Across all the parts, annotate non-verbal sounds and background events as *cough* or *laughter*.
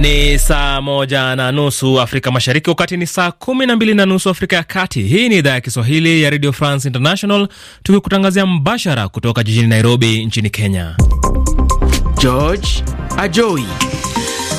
Ni saa moja na nusu Afrika Mashariki, wakati ni saa kumi na mbili na nusu Afrika ya Kati. Hii ni idhaa ya Kiswahili ya Radio France International, tukikutangazia mbashara kutoka jijini Nairobi nchini Kenya. George Ajoi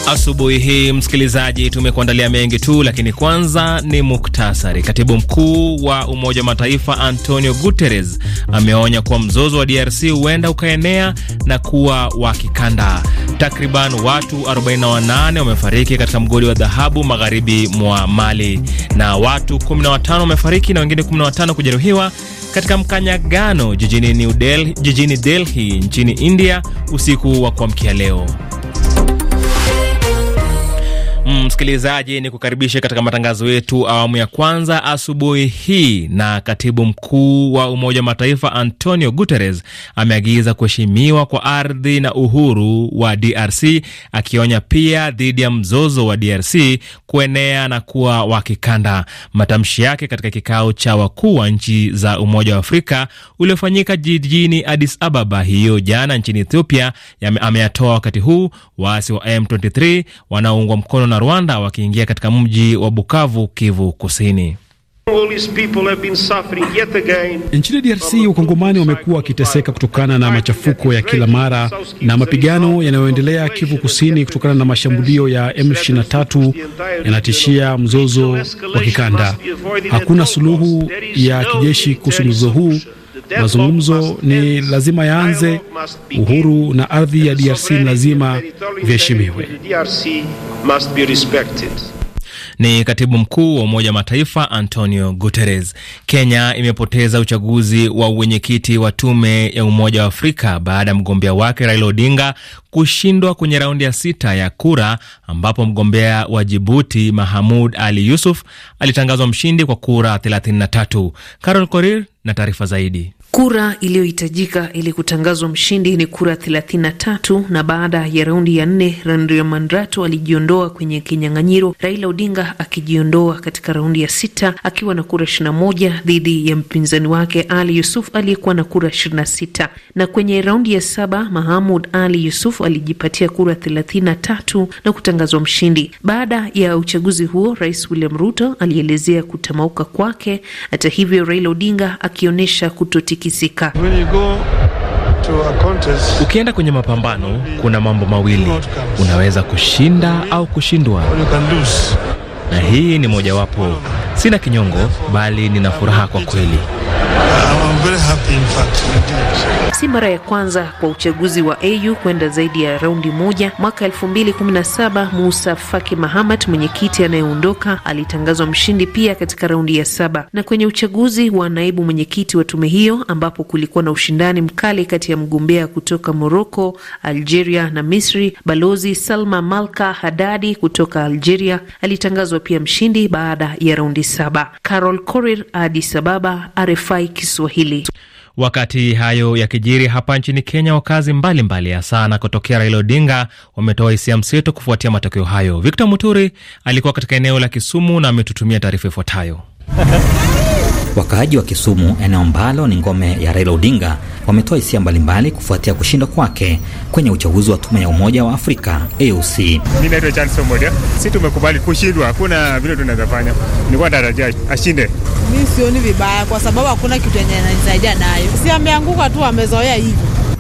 Asubuhi hii msikilizaji, tumekuandalia mengi tu, lakini kwanza ni muktasari. Katibu mkuu wa Umoja wa Mataifa Antonio Guterres ameonya kuwa mzozo wa DRC huenda ukaenea na kuwa wa kikanda. Takriban watu 48 wamefariki katika mgodi wa dhahabu magharibi mwa Mali, na watu 15 wamefariki na wengine 15 kujeruhiwa katika mkanyagano jijini New Delhi, jijini Delhi nchini India usiku wa kuamkia leo. Mm, msikilizaji ni kukaribisha katika matangazo yetu awamu ya kwanza asubuhi hii. Na katibu mkuu wa Umoja wa Mataifa Antonio Guterres ameagiza kuheshimiwa kwa ardhi na uhuru wa DRC, akionya pia dhidi ya mzozo wa DRC kuenea na kuwa wa kikanda. Matamshi yake katika kikao cha wakuu wa nchi za Umoja wa Afrika uliofanyika jijini Addis Ababa hiyo jana nchini Ethiopia, ameyatoa wakati huu waasi wa M23 wanaoungwa mkono na Rwanda wakiingia katika mji wa Bukavu, Kivu Kusini. Nchini DRC wakongomani wamekuwa wakiteseka kutokana na machafuko ya kila mara na mapigano yanayoendelea Kivu Kusini kutokana na mashambulio ya M23 yanatishia mzozo wa kikanda. Hakuna suluhu ya kijeshi kuhusu mzozo huu. Mazungumzo ni lazima yaanze. Uhuru na ardhi ya DRC ni lazima viheshimiwe must be respected. Ni katibu mkuu wa Umoja wa Mataifa Antonio Guterres. Kenya imepoteza uchaguzi wa uwenyekiti wa tume ya Umoja wa Afrika baada ya mgombea wake Raila Odinga kushindwa kwenye raundi ya sita ya kura, ambapo mgombea wa Jibuti Mahamud Ali Yusuf alitangazwa mshindi kwa kura 33. Carol Korir na taarifa zaidi. Kura iliyohitajika ili kutangazwa mshindi ni kura 33 na baada ya raundi ya nne, mandrato alijiondoa kwenye kinyang'anyiro, Raila Odinga akijiondoa katika raundi ya sita akiwa na kura 21 dhidi ya mpinzani wake Ali Yusuf aliyekuwa na kura 26. Na kwenye raundi ya saba, Mahamud Ali Yusuf alijipatia kura 33 na kutangazwa mshindi. Baada ya uchaguzi huo, Rais William Ruto alielezea kutamauka kwake. Hata hivyo, Raila Odinga akionyesha kutoti kutikisika. Ukienda kwenye mapambano, kuna mambo mawili, unaweza kushinda au kushindwa, na hii ni mojawapo. Sina kinyongo, bali nina furaha kwa kweli. Uh, I'm very happy in fact si mara ya kwanza kwa uchaguzi wa AU kwenda zaidi ya raundi moja. Mwaka 2017 Musa Faki Mahamat, mwenyekiti anayeondoka, alitangazwa mshindi pia katika raundi ya saba, na kwenye uchaguzi wa naibu mwenyekiti wa tume hiyo ambapo kulikuwa na ushindani mkali kati ya mgombea kutoka Moroko, Algeria na Misri, Balozi Salma Malka Hadadi kutoka Algeria alitangazwa pia mshindi baada ya raundi saba. Carol Korir, Addis Ababa, RFI Kiswahili. Wakati hayo yakijiri hapa nchini Kenya, wakazi mbalimbali hasa na kutokea Raila Odinga wametoa hisia mseto kufuatia matokeo hayo. Victor Muturi alikuwa katika eneo la Kisumu na ametutumia taarifa ifuatayo. *laughs* Wakaaji wa Kisumu, eneo ambalo ni ngome ya Raila Odinga, wametoa hisia mbalimbali kufuatia kushindwa kwake kwenye uchaguzi wa tume ya umoja wa Afrika AUC. Mimi naitwa Johnson Modia. Sisi tumekubali kushindwa, hakuna vile tunaweza fanya. Nilikuwa natarajia ashinde. Mimi sioni vibaya kwa sababu hakuna kitu yenye ananisaidia nayo, si ameanguka tu, amezoea hivyo.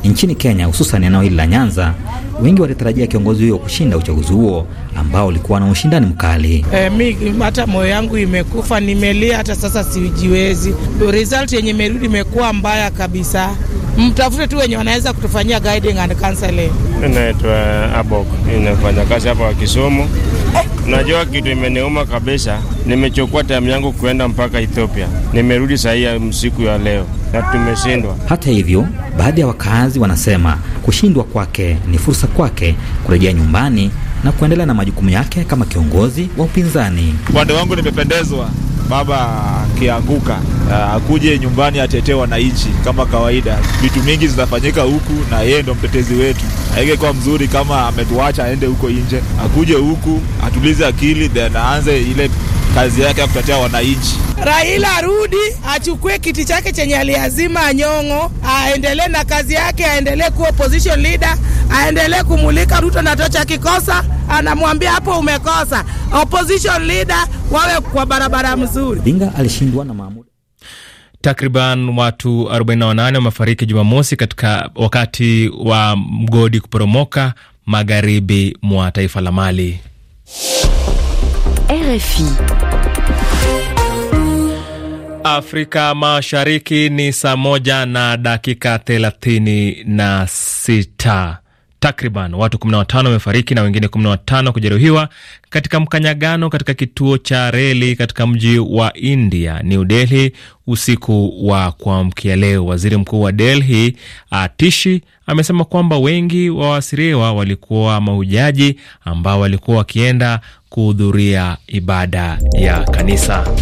Nchini Kenya, hususan eneo hili la Nyanza, wengi walitarajia kiongozi huyo kushinda uchaguzi huo ambao ulikuwa na ushindani mkali. E, mi hata moyo yangu imekufa, nimelia hata sasa sijiwezi. Result yenye merudi imekuwa mbaya kabisa mtafute tu wenye wanaweza kutufanyia guiding and counseling. Inaitwa Abok, inafanya kazi hapa wa Kisumu. Eh. Unajua kitu imeniuma kabisa, nimechukua time yangu kuenda mpaka Ethiopia, nimerudi sahii msiku ya leo na tumeshindwa. Hata hivyo, baadhi ya wakazi wanasema kushindwa kwake ni fursa kwake kurejea nyumbani na kuendelea na majukumu yake kama kiongozi wa upinzani. Upande wangu nimependezwa baba akianguka uh, akuje nyumbani atetee wananchi kama kawaida. Vitu mingi zitafanyika huku na yeye ndo mtetezi wetu. Haingekuwa mzuri kama ametuacha aende huko nje, akuje huku atulize akili then aanze ile kazi yake ya kutetea wananchi. Raila arudi achukue kiti chake chenye aliazima Anyong'o, aendelee na kazi yake, aendelee kuwa opposition leader, aendelee kumulika Ruto na tocha kikosa anamwambia hapo umekosa. Opposition leader wawe kwa barabara mzuri. Dinga alishindwa na Mahmud. Takriban watu 48 wamefariki Jumamosi katika wakati wa mgodi kuporomoka magharibi mwa taifa la Mali. RFI. Afrika Mashariki ni saa moja na dakika thelathini na sita. Takriban watu 15 wamefariki na wengine 15 kujeruhiwa katika mkanyagano katika kituo cha reli katika mji wa India New Delhi usiku wa kuamkia leo. Waziri mkuu wa Delhi Atishi ah, amesema kwamba wengi wa waasiriwa walikuwa mahujaji ambao walikuwa wakienda kuhudhuria ibada ya kanisa.